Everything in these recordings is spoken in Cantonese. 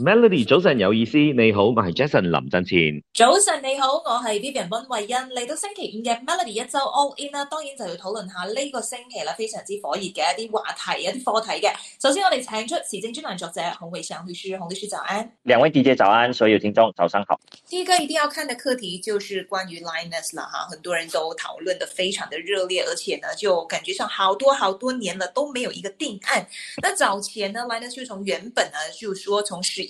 Melody，早晨有意思，你好，我係 Jason 林振前。早晨你好，我係 Vivian 溫慧欣。嚟到星期五嘅 Melody 一周 All In 啦，當然就要討論下呢個星期啦，非常之火熱嘅一啲話題、一啲課題嘅。首先我哋請出時政專欄作者洪維祥律師，洪律師早安。兩位 DJ，早安，所有聽眾早上好。第一個一定要看嘅課題就是關於 Lynas 啦，哈，很多人都討論得非常的熱烈，而且呢就感覺上好多好多年了都沒有一個定案。那早前呢，Lynas 就從原本呢就說從十。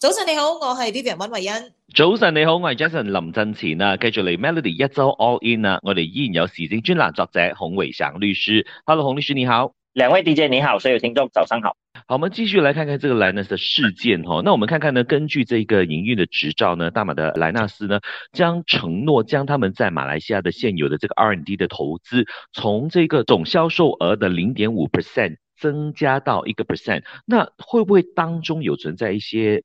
早晨你好，我是 Vivian 溫慧欣。早晨你好，我是 Jason 林振奇啊，繼續嚟 Melody 一周 All In 啊，我哋依然有時政專欄作者洪偉祥律師。Hello，洪律師你好。兩位 DJ 你好，所有聽眾早上好。好，我們繼續來看看這個萊納斯的事件哦。那我們看看呢，根據這個營運的執照呢，大馬的萊納斯呢，將承諾將他們在馬來西亞的現有的這個 R&D 的投資，從這個總銷售額的零點五 percent 增加到一個 percent。那會不會當中有存在一些？